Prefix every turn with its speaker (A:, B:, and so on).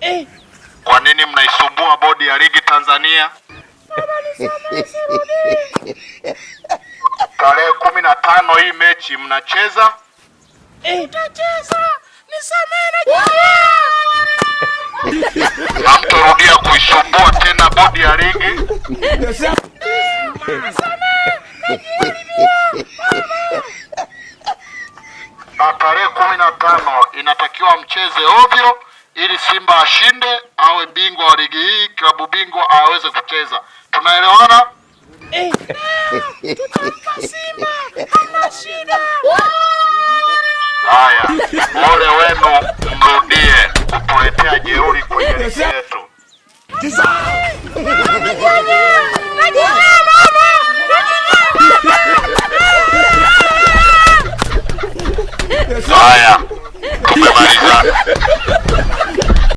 A: Eh.
B: Kwa nini mnaisumbua bodi ya ligi Tanzania? Tarehe kumi na tano hii mechi mnacheza eh. na Hamtorudia kuisumbua tena bodi ya ligi. Na tarehe kumi na tano inatakiwa mcheze ovyo ili Simba ashinde awe bingwa wa ligi hii, klabu bingwa aweze kucheza. Tunaelewana? Eh, Haya, ole wenu mrudie kutuletea jeuri kwenye yetu. Haya, tumemalizana.